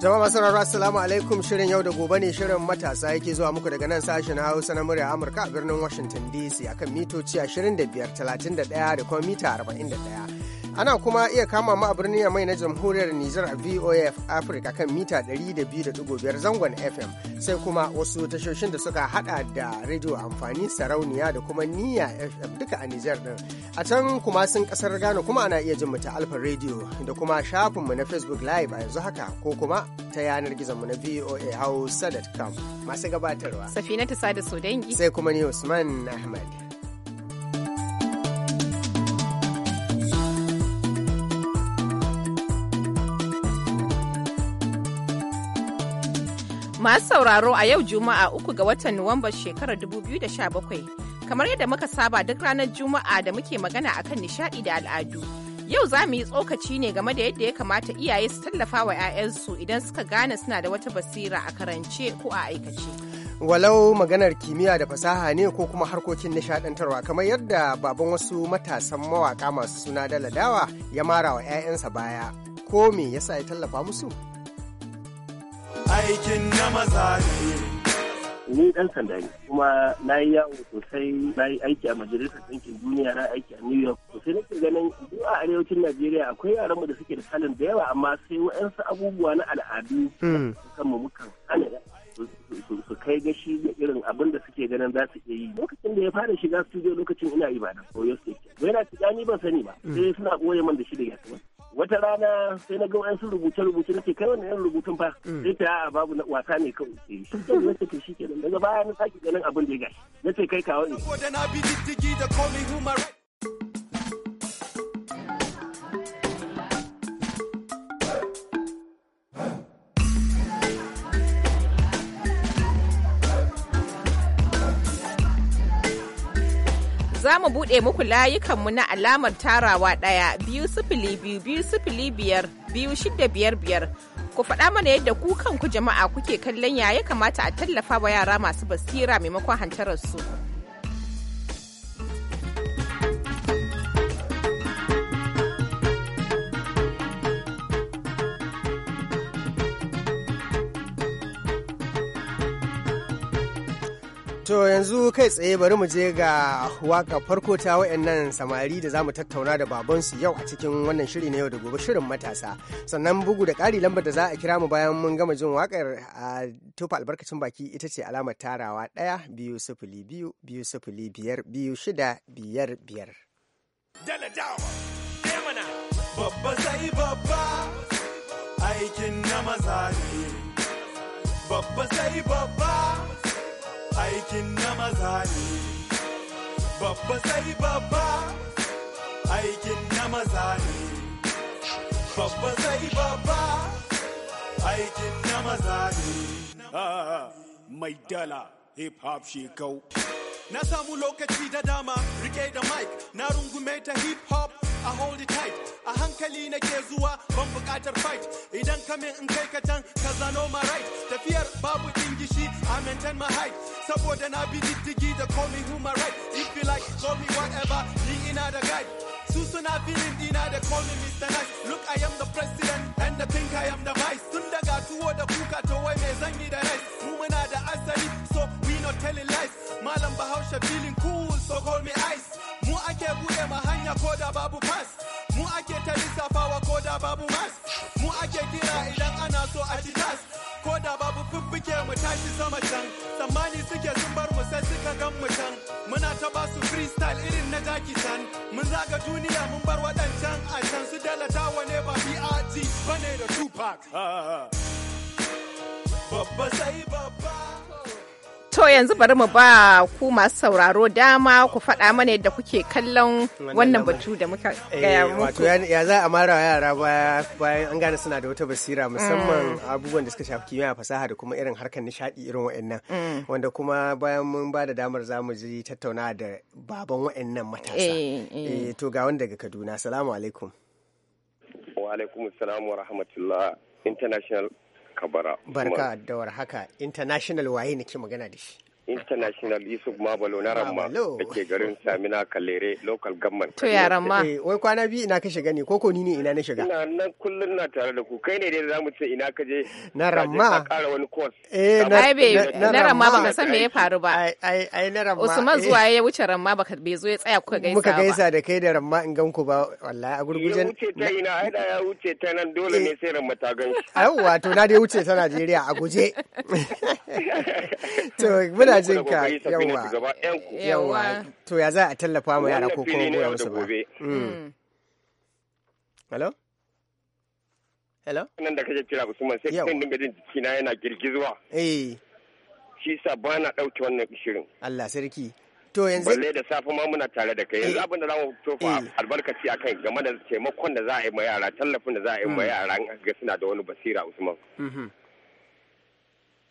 Jama'a masu rarra Assalamu alaikum shirin yau da gobe ne shirin matasa yake zuwa muku daga nan sashen Hausa na murya Amurka a birnin Washington DC akan mitoci 25, 31 da kuma mita 41. Ana kuma iya kama mu a birnin Yamai na Jamhuriyar Nijar a VOF Africa kan mita 200.5 zangon FM sai kuma wasu tashoshin da suka hada da rediyo amfani sarauniya da kuma niya FM duka a Nijar din. A can kuma sun kasar Ghana kuma ana iya jin mu ta Alfa Radio da kuma shafinmu na Facebook Live a yanzu haka ko kuma ta yanar gizonmu na VOA Hausa.com masu gabatarwa. Safina ta sada Sodangi. Sai kuma ni Usman Ahmad. Masu sauraro a yau Juma'a uku ga watan Nuwamba shekarar 2017. Kamar yadda muka saba duk ranar Juma'a da muke magana a kan nishadi da al'adu. Yau za mu yi tsokaci ne game da yadda ya kamata iyaye su tallafa wa 'ya'yansu idan suka gane suna da wata basira a karance ko a aikace. Walau maganar kimiyya da fasaha ne ko kuma harkokin nishadantarwa kamar yadda baban wasu matasan mawaka masu suna daladawa ya mara wa 'ya'yansa baya. Ko me yasa ya tallafa musu? aikin na maza ne. ni ɗan sanda ne kuma na yi yawo sosai na yi aiki a majalisar ɗinkin duniya na aiki a new york sosai nake ganin duk a arewacin najeriya akwai yaranmu da suke da salin da yawa amma sai wa'yansu abubuwa na al'adu hmm. kan mu mukan hana su kai gashi da irin abin da suke ganin za su iya yi lokacin da ya fara shiga studio lokacin ina ibadan oyo state bai na ni ban sani ba hmm. sai suna ɓoye man da shi da ba. wata rana sai na ga sun rubuce-rubuce nake kai wannan yan rubutun fa mm. sai ta a babu na wasa ne kawai eh, shi ne take shi kenan daga baya na sake ganin abin da ya gashi na ce kai kawo ne za mu buɗe muku layukanmu na alamar tarawa ɗaya biyu sifili biyu biyu sifili biyar biyu shida biyar biyar. Ku faɗa mana yadda ku kanku jama'a kuke kallon ya ya kamata a tallafa wa yara masu basira maimakon hantarar su. To yanzu kai tsaye bari mu je ga waka farko ta wayannan samari da zamu tattauna da babansu yau a cikin wannan shiri na yau da gobe shirin matasa. Sannan bugu da ƙari lambar da za a kira mu bayan mun gama jin wakar a tufa albarkacin baki ita ce alamar tarawa ɗaya biyu sifili biyu biyu sifili biyar biyu shida biyar biyar. sai babba, Babba sai babba. aikin na maza ne babba sai babba aikin na maza ne babba sai babba aikin na maza ne ah, ah, ah. mai dala hip hop shekau na samu lokaci da dama rike da mic na rungume ta hip hop a hold it tight a hankali nake zuwa ban bukatar fight idan kamin in kai ka can ka zano ma right tafiyar babu ingishi i maintain my height saboda na bi diddigi da call me human right if you like call me whatever ni ina da guide su suna filin dina da call me Mr. Nice look I am the president and the think I am the vice tun daga tuwo da kuka to wai mai zanyi da rice mu muna da asali so we not telling lies malam bahaushe feeling cool so call me ice mu ake buɗe ma hanya ko da babu pass mu ake ta lissafawa ko da babu mas mu ake kira idan ana so a ci ko da babu fiffike mu tashi sama can tsammani suke sun bar mu sai suka gan mu can muna ta basu freestyle irin na jaki can mun zaga duniya duniya mun bar waɗancan a can su dalata wane ba BRT bane da Tupac. Babba sai babba. To yanzu bari mu ba ku masu sauraro dama ku faɗa mana yadda kuke kallon wannan batu da muka eh, gaya muku. Wato ya za a mara yara bayan an gane suna da wata basira mm. musamman abubuwan da suka shafi kimiyya fasaha da kuma irin harkar nishaɗi irin wa'annan. Mm. Wanda kuma bayan mun ba da damar za mu ji tattauna da baban wa'annan matasa. Eh, eh. To ga wanda daga Kaduna. Salamu alaikum. Wa alaikum salam wa rahmatullah. International kabara barka da haka international waye nake magana da shi international ma mabalo na ramma da ke garin samina kalere local government to ya ramma eh, wai kwana biyu ina ka shiga ne ko ko ni ne ina na shiga ina nan kullun na tare da ku kai ne dai za mu ce ina ka je na ramma ka kara wani course eh na na ramma baka san me ya faru ba ai ai na ramma usman eh. zuwa ya wuce ramma baka bai zo ya tsaya kuka gaisa muka gaisa da kai da ramma in gan ku ba wallahi a gurgujen wuce ta ina ai da ya wuce ta nan dole ne eh. sai ramma ta gan shi ai wato na dai wuce ta Najeriya a guje to muna muna jin ka yawa yawa to ya za a tallafa ma yara ko kuma goya musu ba mm. Mm. hello hello nan da kake kira kuma sai kin dinga jin jikina yana girgizuwa eh shi sa ba na dauke wannan shirin Allah sarki to yanzu balle da safe ma muna tare da kai yanzu eh. abin da zamu tofa eh. albarkaci akan game da taimakon da za a yi ma yara tallafin da za a yi ma mm. yara ga suna da wani basira Usman mm-hmm.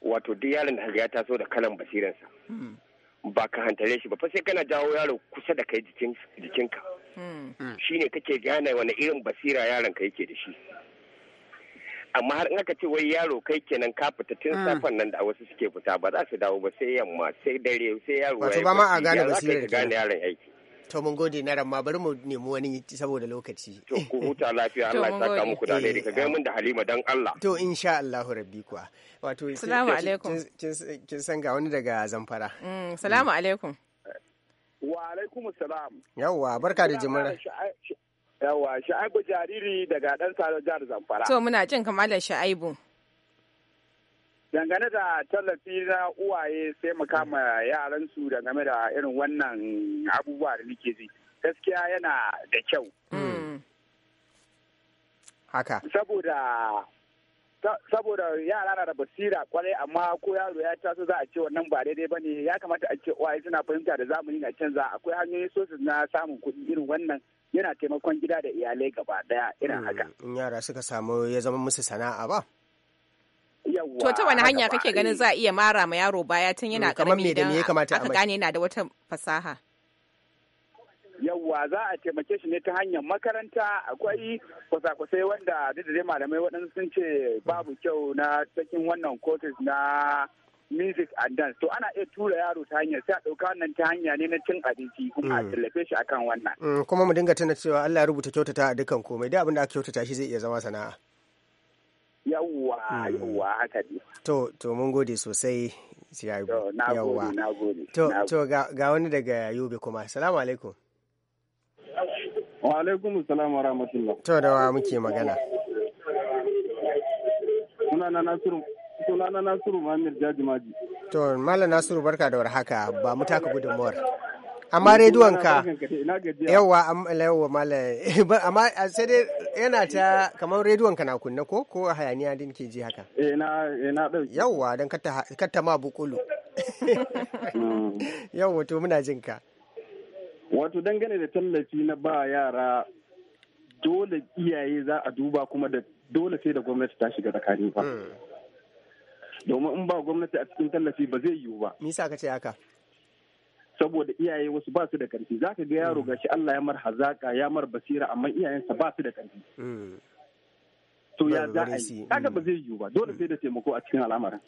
wato duk yaron da ya taso da kalan basiransa hmm. ba ka hantare shi ba fa sai kana jawo yaro kusa da kai jikinka hmm. hmm. ne kake gane wani irin basira yaron ka yake da shi amma har in aka ce wai yaro kai kenan ka fita tun safan nan da wasu suke fita ba za su dawo ba sai yamma sai dare sai yaro ya ba ma a gane gane yaron aiki To mun gode na ramma bari mu nemi wani saboda lokaci. To ku huta lafiya Allah ya saka muku da alheri ka ga mun da Halima dan Allah. To insha Allahu rabbi kuwa. Wato Assalamu alaikum. Kin san ga wani daga Zamfara. Mm Assalamu mm. alaikum. Wa alaikum assalam. Yawwa barka da jimira. Yawwa Sha'ibu jariri daga dan Sado jihar Zamfara. To muna jin kamalar Sha'ibu. dangane da tallafi na uwaye sai mu kama yaransu dangane da irin wannan abubuwa da nake ji gaskiya yana da kyau mm. haka saboda saboda yara na da basira kwarai amma ko yaro ya taso za a ce wannan ba daidai ba ne ya kamata a ce uwaye suna fahimta da zamani na canza akwai hanyoyin sosai na samun kuɗi irin wannan yana taimakon gida da iyalai gaba daya irin haka mm. in yara suka samu ya zama musu sana'a ba To ta wani hanya kake ganin za a iya mara ma yaro baya tun yana mm, karami idan aka gane yana da wata fasaha? yawwa za a taimake shi ne ta hanyar makaranta akwai kwasa-kwasai wanda duk da dai malamai waɗansu sun ce babu kyau na cikin wannan courses na music and dance to ana iya tura yaro ta hanyar sai a ɗauka wannan ta hanya ne na cin abinci kuma a mm. tallafe shi akan wannan. Mm, kuma mu dinga tana cewa Allah ya rubuta kyautata a dukkan komai da abin da aka kyautata shi zai iya zama sana'a. yawwa mm. yawwa haka ne to to mun gode sosai yawwa to to ga wani daga yobe kuma assalamu alaikum wa alaikum assalam wa rahmatullah to da wa muke magana sunana nasiru sunana nasiru muhammad jaji maji to mala nasiru barka da warhaka ba mu taka gudunmuwar amma rediyonka yawa yawa mala amma sai dai yana ta kamar rediyonka na kunna ko ko hayaniya din ke ji haka eh na eh, na dauki yawa dan katta ma bukulu yawa to muna jin ka wato dangane da tallafi na ba yara dole iyaye za a duba kuma da dole sai da gwamnati ta shiga tsakani ba hmm. domin in ba gwamnati a cikin tallafi ba zai yiwu ba me yasa ka ce haka saboda iyaye wasu ba su da za zaka ga yaro mm. gashi Allah ya mar hazaka ya mar basira amma iyayensa ba su da ƙarfi mm. to ya za a yi kaga ba mm. zai yiwu ba dole sai da taimako a cikin al'amarin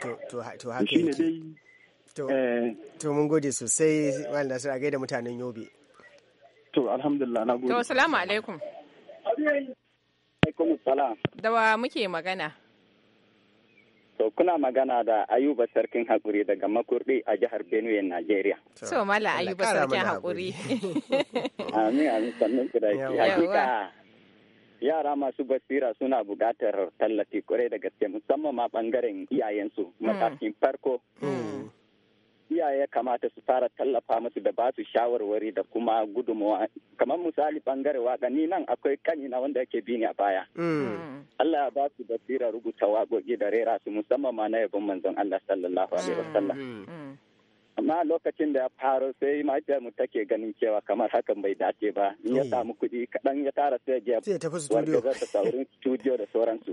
to to haka dai eh. to mun gode sosai wanda Nasir a gaida mutanen Yobe to alhamdulillah na gode to assalamu alaikum alaikum salam da wa muke magana To kuna magana da Ayuba Sarkin Hakuri daga Makurdi a jihar Benue, Najeriya. So mala Ayuba Sarkin Hakuri. Amin hakika. Yara masu basira suna buƙatar tallafi kwarai da gaske musamman ma bangaren iyayensu hmm. matakin farko. Hmm. iyaye ya kamata su fara tallafa musu da basu shawarwari da kuma gudunmawa kamar misali bangare waka ni nan akwai na wanda yake bini a baya mm. Allah ya basu su basira rubuta wagogi da rera su musamman ma na yabon manzon Allah sallallahu alaihi wasallam mm. Mm. amma lokacin da ya faro sai mahaifiyar mu take ganin cewa kamar hakan bai dace ba in ya samu kuɗi kaɗan ya tara sai ya tafi studio da sauran studio da sauransu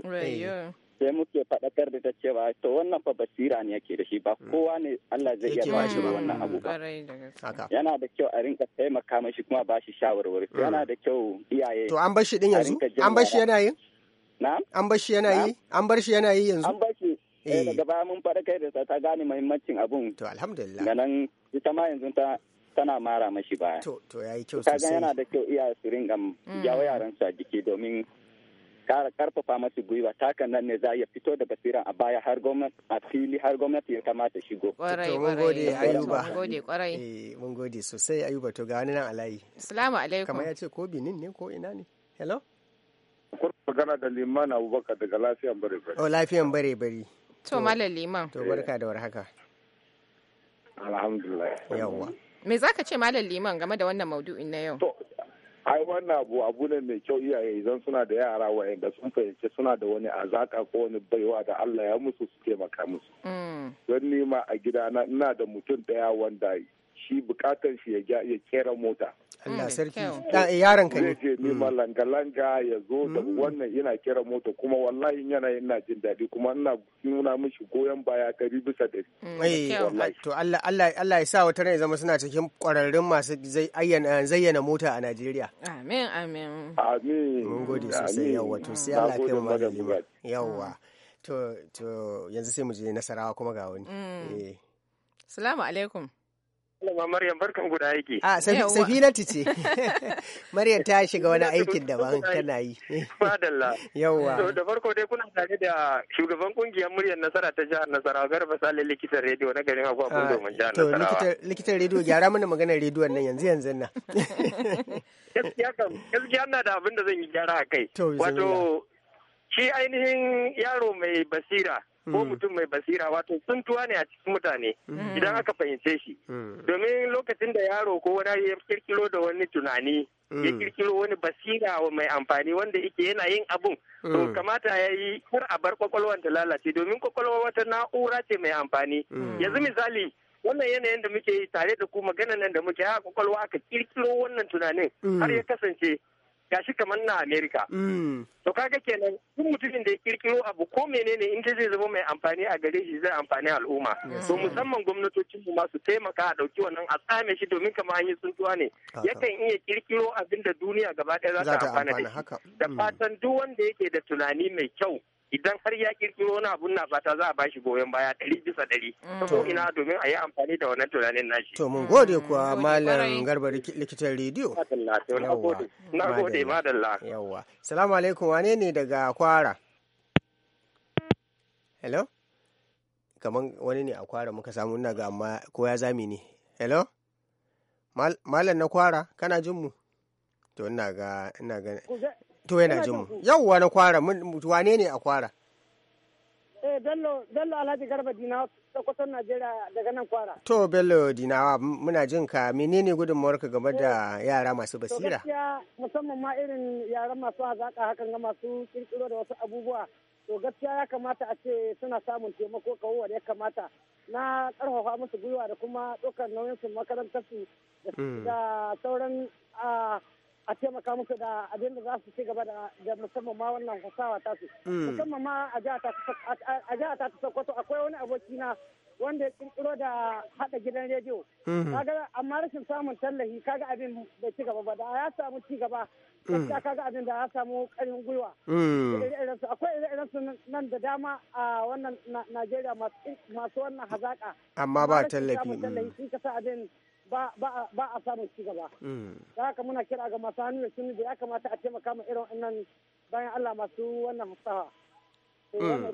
sai muke faɗakar da ta cewa to wannan fa basira ne yake da shi ba mm. kowa ne Allah zai iya bashi ba wannan abu ba yana da kyau a rinka taimaka mashi kuma ba shi shawarwari mm. yana da kyau iyaye to an bar shi din yanzu an bar shi yana yi na'am an bar shi yana yi an bar shi yana yi yanzu an bar shi eh, eh. daga baya mun faɗakar da ta gane muhimmancin abun to alhamdulillah nan ita ma yanzu ta tana mara mashi baya to to yayi kyau sosai kaga yana da kyau iyaye su rinka mm. jawo yaran su a jiki domin kara karfafa masu gwiwa takan nan ne za a fito da basira a baya har gwamnati a fili har gwamnati ya kamata shigo. Kwarai mun gode Ayuba. kwarai. Eh mun gode sosai Ayuba to ga wani nan alayi. Assalamu alaikum. Kamar ya ce ko Benin ne ko ina ne? Hello. Kun magana da Liman Abubakar daga lafiyan bare bare. Oh lafiyan bare bare. To malam Liman. To barka da warhaka. Alhamdulillah. Yawwa. Me zaka ce malam Liman game da wannan maudu'in na yau? To ai wannan abu abu ne mai kyau iyaye idan suna da yara wa'anda sun fahimci suna da wani azaka ko wani baiwa da Allah ya musu su taimaka musu. Mm. Don nima a gidana ina da mutum daya wanda shi bukatar shi ya kera mota Allah mm, sarki eh, yaran ka ne je nema mm. langa langa ya zo da mm. wannan yana kera mota kuma wallahi yana yana jin daɗi kuma ina nuna mishi goyon baya dari bisa dari eh, to Allah Allah Allah ya sa wata ran ya zama suna cikin kwararrun masu zayyana mota a Najeriya amin amin amin mun gode sosai yawa to sai Allah ya kai mu magani yawa to to yanzu sai mu je nasarawa kuma ga wani eh. salamu alaikum Malama Maryam barkan guda aiki. Ah, a safinatu ce. Maryam ta shiga wani aikin daban tana yi. Madalla. Yawwa. Da farko dai kuna tare da shugaban kungiyar muryar nasara ta jihar Nasarawa Garba Sale likitan rediyo na garin Akwakwa domin jihar Nasarawa. To likitan rediyo gyara mana maganar rediyon nan yanzu yanzu nan. Gaskiya na da abin da zan yi gyara a kai. Wato shi ainihin yaro mai basira ko mm. mutum mai basira wato tsuntuwa ne a cikin mutane mm. idan aka fahimce shi mm. domin lokacin da yaro ko wani ya kirkiro da wani tunani ya kirkiro wani basira mai amfani wanda yake yana yin abun to kamata ya yi kar a bar kwakwalwar ta lalace domin kwakwalwa wata na'ura ce mai amfani yanzu misali wannan yanayin da muke yi tare da ku maganan nan da muke haka kwakwalwa aka kirkiro wannan tunanin har ya kasance gashi kamar na Amerika. Mm. To kaga kenan duk mutumin da ya kirkiro abu ko menene in zai zama mai amfani a gare shi zai amfani al'umma. To musamman gwamnatocin mu masu taimaka a dauki wannan a tsame shi domin kamar an yi tsuntuwa ne. Yakan iya kirkiro abin da duniya gaba ɗaya za ta amfana da shi. Da mm. fatan duk wanda yake da tunani mai kyau idan har ya kirkiro wani abun na fata za a bashi goyon baya ɗari bisa ɗari mm. ko ina domin a yi amfani da wannan tunanin nashi. To mun gode kuwa mm, malam garba likitan rediyo. Na gode madalla. Yawwa. Salamu alaikum wane ne daga kwara? Hello? Kaman wani ne a kwara muka samu na ga amma ko ya zami ne. Hello? Malam na kwara kana jin mu? To ina ga ina ga To yana jin mu. Yawwa na kwara wane ne a kwara? Eh Bello Bello Alhaji Garba Dinawa Sokoton Najeriya daga nan kwara. To Bello Dinawa muna jin ka menene ka game da eh, yara masu basira? To gaskiya musamman ma irin yaran masu hazaka hakan ga masu kirkiro da wasu abubuwa. To gaskiya ya kamata a ce suna samun taimako kawo da ya kamata na karfafa musu gwiwa da kuma ɗaukar nauyin su makarantar su mm. da sauran ah, a taimaka musu da abin da za su ci gaba da musamman ma wannan hasawa ta su mm. musamman ma a jihar ta ta sokoto akwai wani aboki na wanda ya kirkiro da hada gidan rediyo mm. kaga amma rashin samun tallafi kaga abin da ci gaba ba da ya samu ci gaba ta mm. kaga abin da ya samu karin gwiwa akwai irin su nan da dama a wannan Najeriya masu wannan hazaka amma ba tallafi sun kasa abin ba a samun ci gaba. Mm. Da haka muna kira ga masu hannu da shuni da ya kamata a taimaka ma irin wannan bayan Allah masu wannan fasaha. Eh, mm.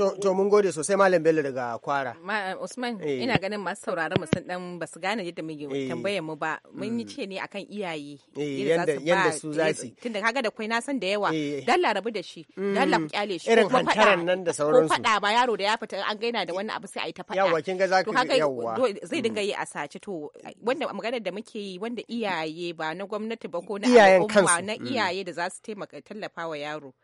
eh, to mun gode sosai Malam Bello daga Kwara. Usman eh. ina ganin masu sauraron mu dan ba su gane yadda muke tambayar mu ba. Mun yi mm. ce ne akan iyaye. Yanda su za su. Tunda kaga da kwai na san da yawa. Dalla rabu da shi. Dalla ku mm. kyale shi. Irin hantaran nan da sauransu. Ko faɗa ba yaro da ya fita an gaina da wannan abu sai a yi ta faɗa. Yawwa kin ga za yawwa. Zai dinga yi a sace to wanda maganar da muke yi wanda iyaye ba na gwamnati ba ko na al'umma na iyaye da za su taimaka tallafa wa yaro.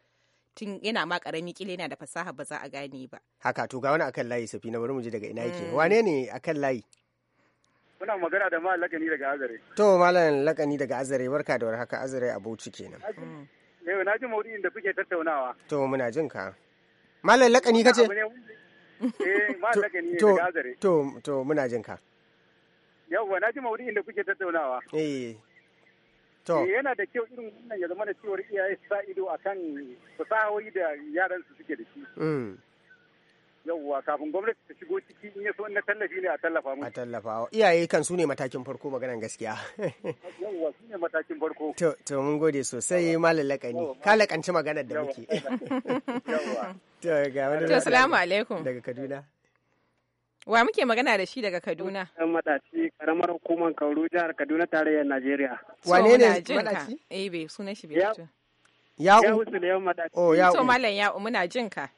tun yana ma karami kila yana da fasaha ba za a gane ba haka to ga wani akan layi safi na bari mu ji daga ina yake mm. wane ne akan layi muna magana da malam lakani daga azare to malam lakani daga azare barka da warhaka azare a bauchi kenan mm. Eh na ji maudu'in da kuke tattaunawa to muna jin ka malam lakani kace eh malam lakani daga azare to to muna jin ka yawwa na ji maudu'in da kuke tattaunawa eh Eh, yana da kyau irin wannan ya zama da cewar iyaye sa ido a kan fasahohi da yaran su suke da shi mm. Yawwa kafin gwamnati ta shigo ciki in so na tallafi ne a tallafa mu a tallafa iyaye kan su ne matakin farko maganan gaskiya Yawwa su ne matakin farko to to mun gode sosai malalaka ne. ka lakanci maganar da muke to ga wani to assalamu alaikum daga kaduna Wa muke magana da shi daga Kaduna? Ɗan maɗaci, ƙaramar hukumar Kauru jihar Kaduna tarayyar Najeriya. Wane ne madaci? Eh be sunan shi bai fito. Ya ya Oh ya. Malam ya muna jin ka.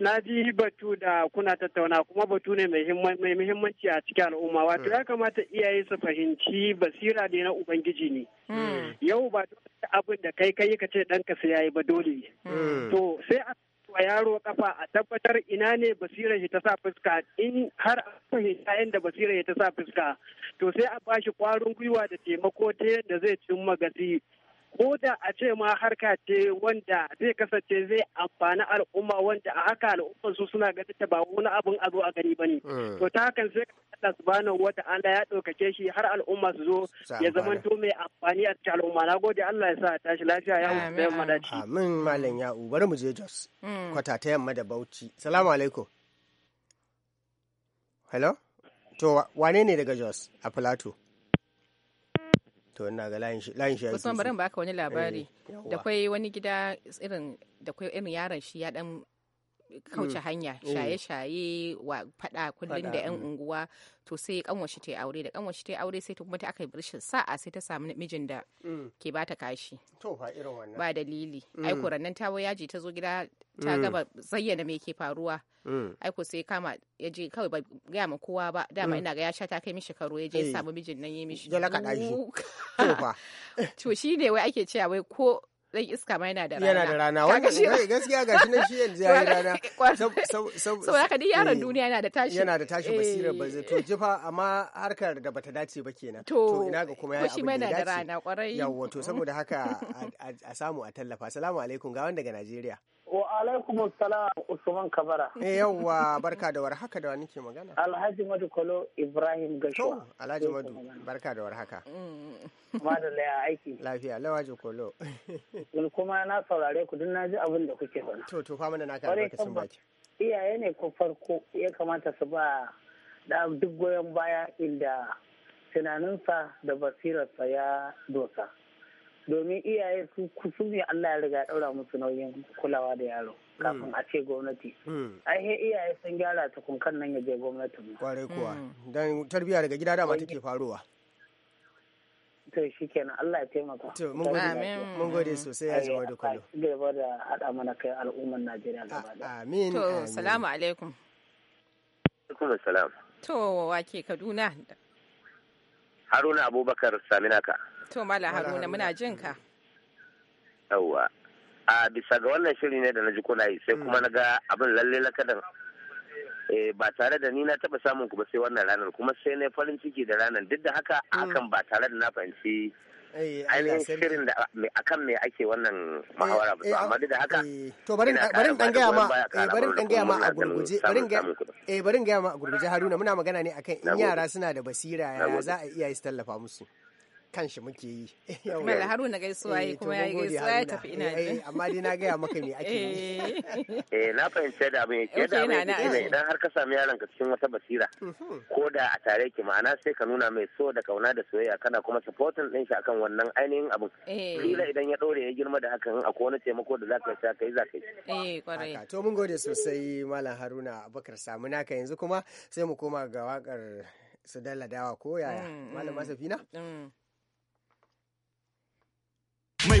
Na ji batu da kuna tattauna kuma batu ne mai muhimmanci a cikin al'umma wato hmm. ya kamata iyaye su fahimci basira ne na ubangiji ne. Hmm. Yau ba abin da kai kai ka ce ɗanka sai yi ba dole. Hmm. To sai a wa yaro kafa a tabbatar ina ne basirar shi ta sa fuska in har a fahimta yadda basirar ya ta sa fuska to sai a bashi kwarin gwiwa da taimako ta yadda zai cimma gasi ko da a ce ma harka ce wanda zai kasance zai amfani al'umma wanda a haka al'umman su suna ganin ta ba wani abin a zo a gani bane eh. to ta hakan sai Allah subhanahu wata'ala ya ɗaukake shi har al'umma su zo ya zama to mai amfani a cikin al'umma na gode Allah ya sa tashi lafiya ya wuce yamma da amin malam u bari mu je Jos hmm. kwata ta yamma da Bauchi salamu alaikum hello to wane ne daga Jos a Plateau to ina ga layin shi layin shi kusan barin wani labari eh, da kwai wani gida irin da kwai irin yaron shi ya dan kauce mm. hanya mm. shaye-shaye wa fada kullum da yan mm. unguwa to sai kanwashi ta aure da kanwashi ta aure sai ta kuma ta aka yi rashin sa'a sai ta samu mijin da ke bata kashi ba irin wannan ba dalili ai kurannan tawo yaji ta zo gida ta gaba zayyana me ke faruwa aiko sai kama ya je kawai ba gaya ma kowa ba dama ina ga ya sha ta kai mishi karo ya je ya eh. samu mijin nan ya mishi ya laka to shi ne wai ake cewa wai ko dan iska ma yana da rana yana da rana wannan gaskiya gashi nan shi yanzu yayi rana saboda haka dai yaron eh, duniya yana da tashi yana da tashi basira ba zai to eh. jifa amma harkar da bata dace ba kenan to ina ga kuma yayi abin da dace da yawa to saboda haka a samu a tallafa assalamu alaikum ga wanda daga Najeriya Wa alaikum salam Usman Kabara. Eh yawwa barka da haka da wani ke magana. Alhaji Madu Kolo Ibrahim Gashuwa. Alhaji Madu barka da warhaka. Mm. Madalla ya aiki. Lafiya Lawaji Kolo. Mun kuma na saurare ku dun naji abin da kuke faɗa. To to fa mana naka sun baki. Iyaye ne ko farko ya kamata su ba da duk goyon baya inda tunaninsa da basirarsa ya dosa. domin iyaye su su ne Allah ya riga daura musu nauyin kulawa da yaro kafin mm. a ce gwamnati mm. ai he iyaye sun gyara ta kunkan nan ya je gwamnatin Kware kuwa mm. dan tarbiya daga gida dama take faruwa to shi kenan Allah ya taimaka to mun gode mun gode sosai ya zama da kullu gaba da hada mana kai al'umman Najeriya gaba da amin to salamu alaikum alaikum salam to wake Kaduna Haruna Abubakar Saminaka To Mala Haruna muna jin ka. Mm. Yawwa. A bisa ga wannan shiri ne da na ji kuna yi sai kuma mm. na ga abin lalle lakadan eh, ba tare da ni na taba samun ku ba sai wannan ranar kuma sai na farin ciki da ranar duk da haka mm. akan ba tare da na fahimci eh, ainihin shirin da akan me ake wannan eh, muhawara ba amma duk da haka to bari dan gaya ma bari dan gaya ma a gurguje bari eh bari gaya ma a gurguje Haruna muna magana ne akan in yara suna da basira ya za a iya su tallafa musu kan shi muke yi. laharu Haruna gaisuwa eh, yi kuma ya gaisuwa ya tafi ina eh, eh, ne. Amma dai na gaya maka me ake yi. Eh na fahimci da abin yake da abin yake idan har ka sami yaron ka cikin wata basira mhm. ko da a tare ki ma'ana sai ka nuna mai so da kauna da soyayya kana kuma supporting din shi akan wannan ainihin abin. Kila idan ya dore ya girma da hakan akwai wani taimako da zaka sha kai zaka yi. Eh kwarai. To mun gode sosai Malam Haruna Abubakar samu naka yanzu kuma sai mu koma ga wakar su dawa ko yaya mm, Malam Masafina. Mm. Mm.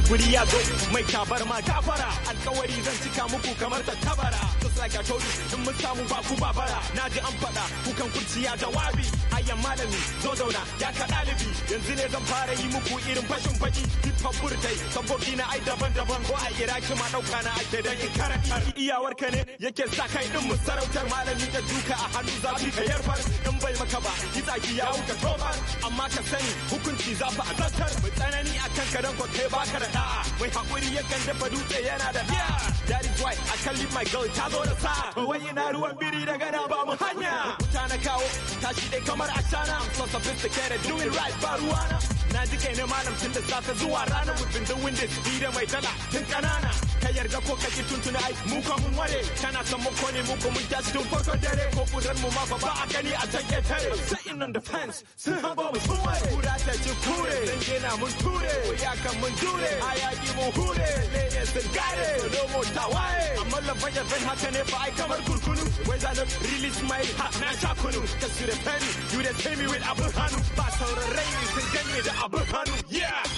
mai guri ya zo mai tabar ta fara alkawari zan cika muku kamar ta tabara just like a told you in mun samu ba ku babara na ji an faɗa kukan kurciya jawabi ayyan malami zo zauna ya ka ɗalibi yanzu ne zan fara yi muku irin fashin fadi hip hop burtai na ai daban-daban ko a iraki ma ɗauka na ake da in iyawar ka ne yake sa kai din mu sarautar malami ta duka a hannu zafi ka yarfar in bai maka ba yi tsaki ya wuce tobar amma ka sani hukunci zafi a zartar mai tsanani akan ka ko kai baka da sana'a mai hakuri yakan dafa dutse yana da na that is why I can leave my girl ta zo da sa. wai ina ruwan biri daga na ba mu hanya wuta na kawo tashi dai kamar ashana I'm so sophisticated doing right ba ruwana na ji kai na malam tun da safe zuwa rana we've been doing this da mai dala tun kanana ka yarda ko ka ji tuntuna ai mu ka mun ware kana son mu kone mu ko mun tashi tun farko dare ko kudan mu ma ba a gani a tare sai in on the fence ha ba mu sun ware kura ta ci kure dan na mun ture ya kan mun dure a ji mun hure ne ne sun gare no mo tawaye amma la ya fen haka ne fa ai kamar kurkunu wai na release my ha na sha kunu ka da pen you dey pay me with abu hanu ba sauran raini sun gani da abu hanu yeah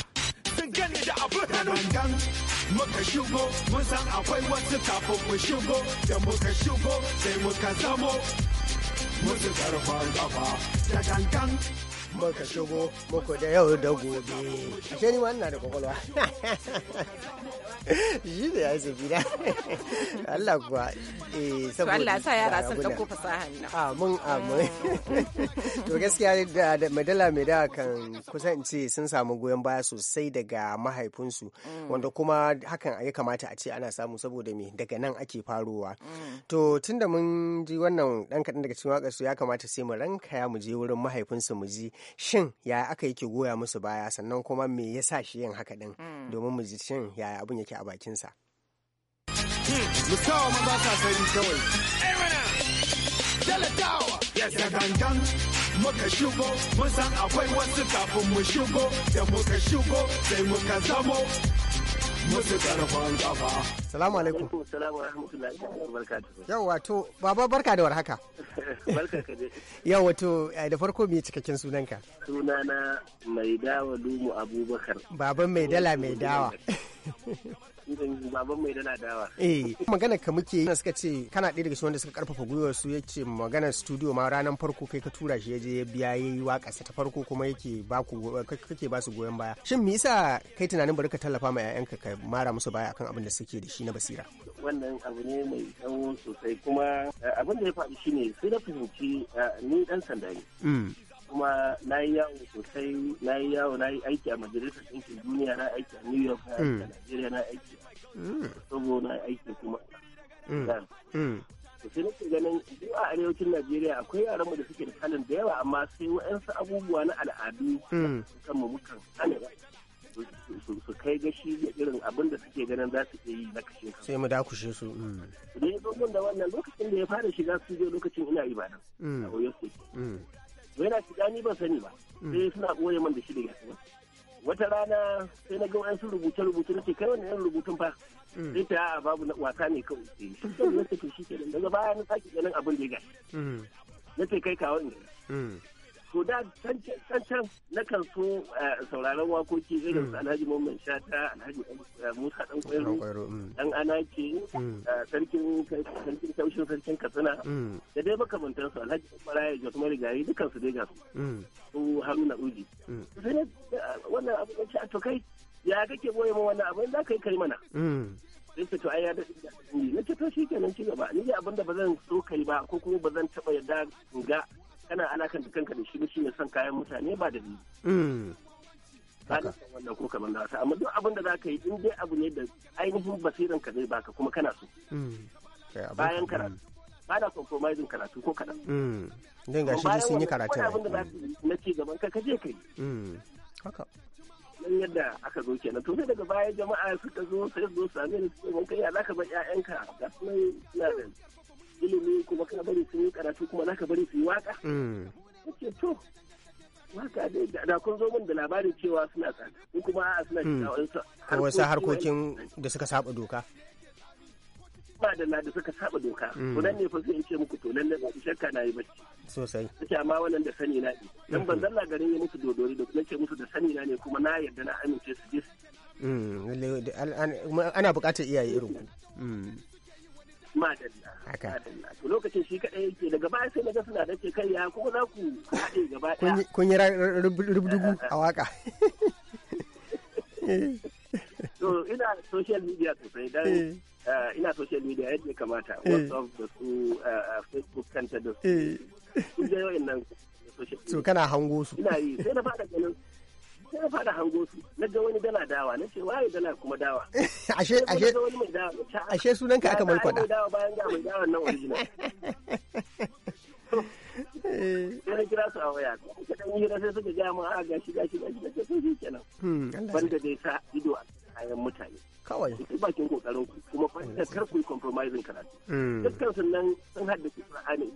sun gani da abu hanu muka shigo mun san akwai wasu kafin mu shigo da muka shigo sai muka zamo musu karfan kafa da gangan muka shigo muku da yau da gobe ashe ni wannan da kwakwalwa shi da ya zubi na Allah kuwa eh saboda Allah sa yara sun dauko fasaha ah mun amin to gaskiya da madala mai da kan kusan ce sun samu goyon baya sosai daga mahaifinsu mm. wanda kuma hakan ya kamata a ce ana samu saboda me daga nan ake farowa mm. to tunda mun ji wannan dan kaɗan daga cikin wakar su ya kamata sai mu ranka ya mu je wurin mahaifinsu mu ji shin yaya aka yake goya musu baya sannan kuma me ya sa shi yin haka din hmm. domin mu ji shin yaya abun yake a bakinsa. Hmm, Musawa ma ba sa sani kawai. da muka shigo mun san akwai wasu kafin mu shigo da muka shigo sai muka zamo musu Salamu alaikum. Salamu Yau wato baba barka da warhaka. Barka ka dai. Yau wato eh, da farko me cikakken sunanka? Sunana Mai Dawa Lumu Abubakar. Baban Mai Dala Mai Dawa. baban mai dana dawa eh magana ka muke yi suka ce kana ɗaya daga wanda suka karfafa gwiwar su ya ce magana studio ma ranar farko kai ka tura shi ya je ya biya yayi waka sa ta farko kuma yake ba ku kake ba su goyon baya shin me yasa kai tunanin bari ka tallafa ma ƴaƴanka ka mara musu baya akan abin da suke da shi na basira wannan abu ne mai tsawo sosai kuma eh, abin da ya faɗi shine sai na fahimci eh, ni dan sanda ne mm. kuma na yi yawo sosai na yi yawo na yi aiki a majalisar ɗinkin duniya na aiki a new york na aiki a hmm. nigeria na aiki hmm. togo na aiki kuma hmm. da sai nake ganin duk a arewacin najeriya akwai yaran mu da suke da talent da yawa amma sai wa'ansu abubuwa na al'adu kan mu mukan hana su kai gashi da irin abin da suke ganin za su iya yi na kashe sai mu dakushe su da ya zo da wannan lokacin da ya fara shiga studio lokacin ina ibadan a oyo state Wai yana shiga ni ban sani ba mm. sai suna ɓoye man da shi da gaskiya wata rana sai na ga wasu rubuce rubuce nake kai wannan rubutun fa mm. sai ta a babu na wasa ne kawai eh, shi ke take shi ke daga baya na sake ganin abin da ya gashi mm. na ce kai kawo in to da can na kan so eh, sauraron wakoki irin su hmm. alhaji mamman shata alhaji eh, musa dan kwairo dan hmm. Anaki. Hmm. Eh, sarkin sarkin taushin sarkin katsina da dai makamantan su alhaji baraya jos marigari dukkan su dai ga su su haruna uji sai wannan abu da to kai ya kake boye ma wannan abu za ka yi kai mana sai ce to ai ya daɗi na ce to shi kenan ci gaba ni abin da ba zan so kai ba ko kuma ba zan taɓa yadda ga kana alakanta kanka da shi da shi ne son kayan mutane ba da mm. ni. wannan ko kamar nasa amma duk abin da za ka yi in dai abu ne da ainihin basiran ka zai baka kuma kana so. Mm. Bayan karatu. Mm. Ba na compromising karatu ko kaɗan. Din ga shi sun yi karatu. Bayan abin da za yi na ci gaban ka kaje ka yi. Haka. Nan yadda aka zo kenan to sai daga baya jama'a suka zo sai zo same su suke mun kai alaka ba 'ya'yanka ga sunan suna da ilimi kuma ka bari su yi karatu kuma za ka bari su yi waka ce mm. to waka dai da kun zo min da labari cewa suna tsada in kuma a suna mm. shiga wasu harkokin da suka saba doka ba da na da suka saba doka mm. to nan ne fa zai ce muku to lalle ba shakka na yi bacci sosai kace amma wannan da sani na ne dan ban mm-hmm. zalla garin ya musu dodori da kuma ce musu da sani na ne kuma na yarda na amince su je su. ana bukatar iyaye irin ku madalla madalla to lokacin shi kadai yake daga baya sai naga suna da kai ya ko na ku haɗe gaba ɗaya kun yi rubdugu a waka so ina social media sosai dan eh. eh, ina social media yadda ya kamata eh. whatsapp da su facebook kanta da su su je nan social media so kana hango su ina yi sai na fara ganin sai fara hango su na ga wani dawa na ashe sunan ka aka malkwada dawa bayan ga a waya hira suka ga mu a ido a kayan mutane kawai ku bakin kokarin ku kuma karatu hmm. su nan sun haddace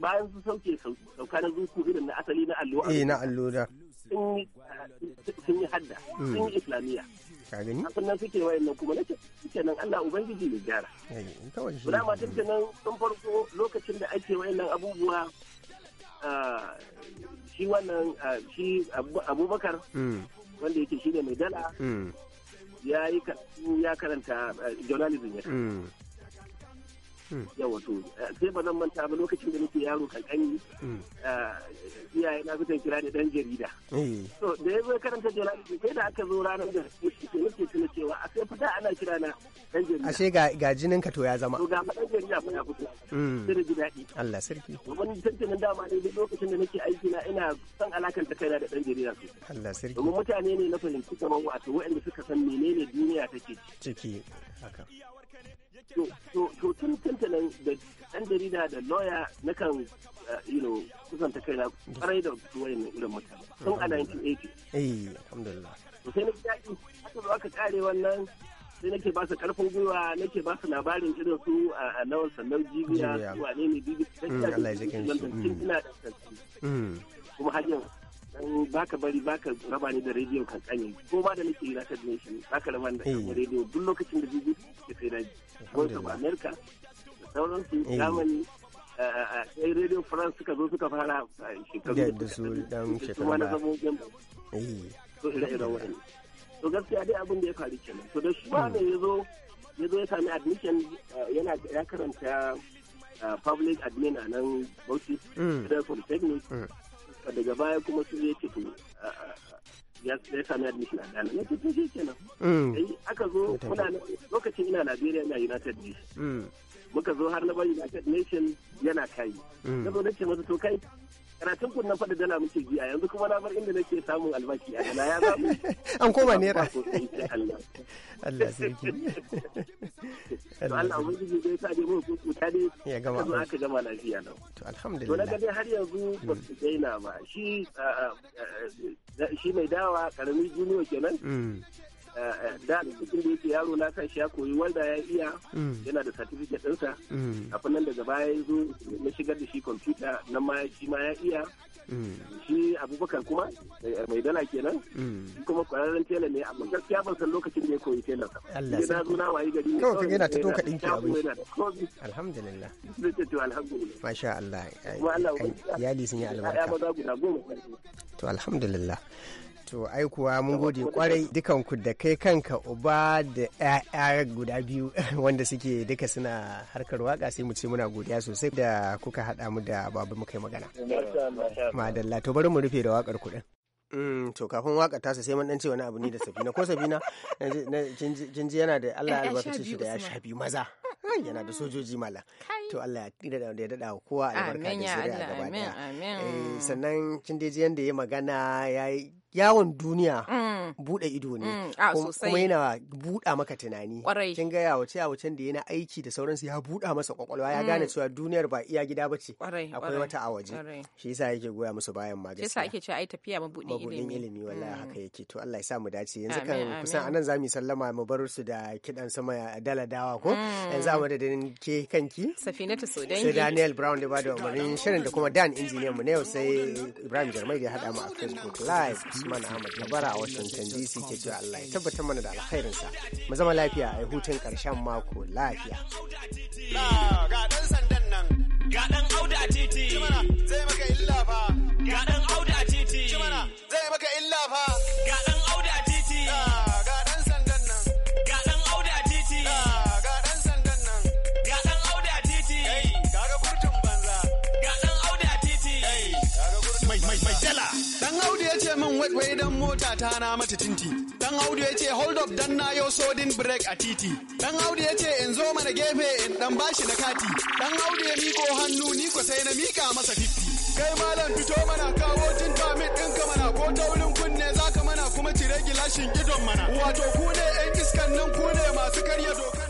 bayan su sauke sauka na zuku irin na eh, allo da sun yi hadda sun yi islamiyya kagani gani nan suke wayan kuma na ce nan Allah ubangiji ne gyara kawai ma tun nan tun farko lokacin da ake wayan nan abubuwa ah, shi wannan ah, shi abubakar mm. wanda yake shi ne mai dala mm. ya yi ya karanta ah, journalism ya mm. ya wato eh, sai ba zan manta ba lokacin da nake yaro kankani mm. eh, iyaye na sukan kira da dan jarida so oh. da ya zo karanta jarida sai da aka zo ranar da nake nake tuna cewa a sai fita ana kira na dan jarida ashe ga ga jinin ka to ya zama to ga dan jarida fa ya fito mm. sai da ji daɗi Allah sarki wani nan dama ne lokacin da nake aiki na ina son alakanta kaina da dan jarida sosai Allah sarki domin mutane ne na fahimci kamar wato waɗanda suka san menene duniya take ciki haka to tun tantanan da ɗan jarida da lawyer na kan you know kusanta kaina kwarai da wayan irin mutane tun a 1980 eh alhamdulillah to sai na ji aka zo aka kare wannan sai nake ba su karfin gwiwa nake ba su labarin irin su a nawar sannan jibiya su wane ne bibi da ina da kuma har baka bari baka raba ni da rediyo kan tsani ko ba da nake United Nation baka raba ni da eh. rediyo duk lokacin da bibi ke sai da ko ba America da sauransu eh. Germany sai Radio France suka zo suka fara shekaru da su dan shekaru da eh. to ire-iren wa'annan to gaskiya dai abin da ya faru kenan to da shi hmm. ne ya zo ya zo ya sami admission yana ya karanta public admin a nan Bauchi hmm. Federal Polytechnic hmm. daga baya kuma su zai ce to ya sami admission a Ghana. Na ce to shi kenan. Mm. Aka zo muna lokacin ina Najeriya na United Nations. Mm. Muka zo har na ba United Nation yana kai. Mm. Na zo na ce masa to kai karatun kun nan faɗi dala muke ji a yanzu kuma na bar inda nake samun albashi a gana ya zamu an koma nera Allah sarki Allah mun ji dai sa dai mu ta dai ya gama ba ka gama lafiya na to alhamdulillah to naga dai har yanzu ba su mm. daina ba shi shi mai dawa karamin junior kenan mm. Eh, eh, da cikin da yake yaro na kan shi ya koyi wanda ya iya mm. yana da certificate ɗinsa mm. a nan daga baya ya zo na shigar da shi kwamfuta na ma shi ma ya iya mm. shi abubakar kuma eh, mai dala kenan kuma kwararren tela ne amma gaskiya ban san lokacin da ya koyi tela ba Allah na zo na wayi gari kawai kaga yana ta doka dinki abin alhamdulillah to alhamdulillah masha Allah ya lisin ya albarka to alhamdulillah To ai kuwa mun gode kwarai dukan ku da kai kanka uba da ‘ya'ya guda biyu wanda suke duka suna harkar waka sai mu ce muna godiya sosai da kuka haɗa mu da babu mu kai magana. Madalla to bari mu rufe da wakar kuɗin. Mm, to kafin waka tasa sai mun dan ce wani abu ne da Safina ko Safina kin ji yana da Allah ya shi da ya sha biyu maza yana da sojoji mala to Allah ya tira da ya dada kowa albarka da zuriya gaba ɗaya. Eh, sannan kin dai ji yanda ya magana yayi yawon duniya mm. bude ido ne mm. ah, kuma yana buɗa maka tunani kin ga ce yawacen da yana aiki da sauransu ya buɗa masa kwakwalwa ya mm. gane cewa duniyar ba iya gida ba ce akwai wata a waje shi yasa yake goya musu bayan ma gaskiya shi yasa ake cewa ai tafiya bude ilimi mabudin ilimi wallahi haka yake to Allah ya sa mu dace yanzu kan kusan anan za mu sallama mu bar su da kidan sama dala dawa ko yanzu da din ke kanki safinatu sudan sai Daniel Brown da ba da umarnin shirin da kuma Dan injiniyan mu ne sai Ibrahim Jarmai da ya hada mu a Facebook live Usman Ahmad Kabara a Washington DC ke ce Allah ya tabbatar mana da alkhairinsa. Mu zama lafiya a hutun ƙarshen mako lafiya. Ga ɗan sandan nan, ga ɗan auda titi. titi, zai maka illa fa, ga ɗan auda a zai Ahmad wai dan mota ta na mata tinti. Dan Audu ya ce hold up dan na yo sodin break a titi. Dan Audu ya ce in zo mana gefe in dan bashi na kati. Dan Audu ya miko hannu ni ko sai na mika masa fifty. Kai malam fito mana kawo jin din ɗinka mana ko taurin kunne zaka mana kuma cire gilashin idon mana. Wato ku ne 'yan iskan nan ku ne masu karya dokar.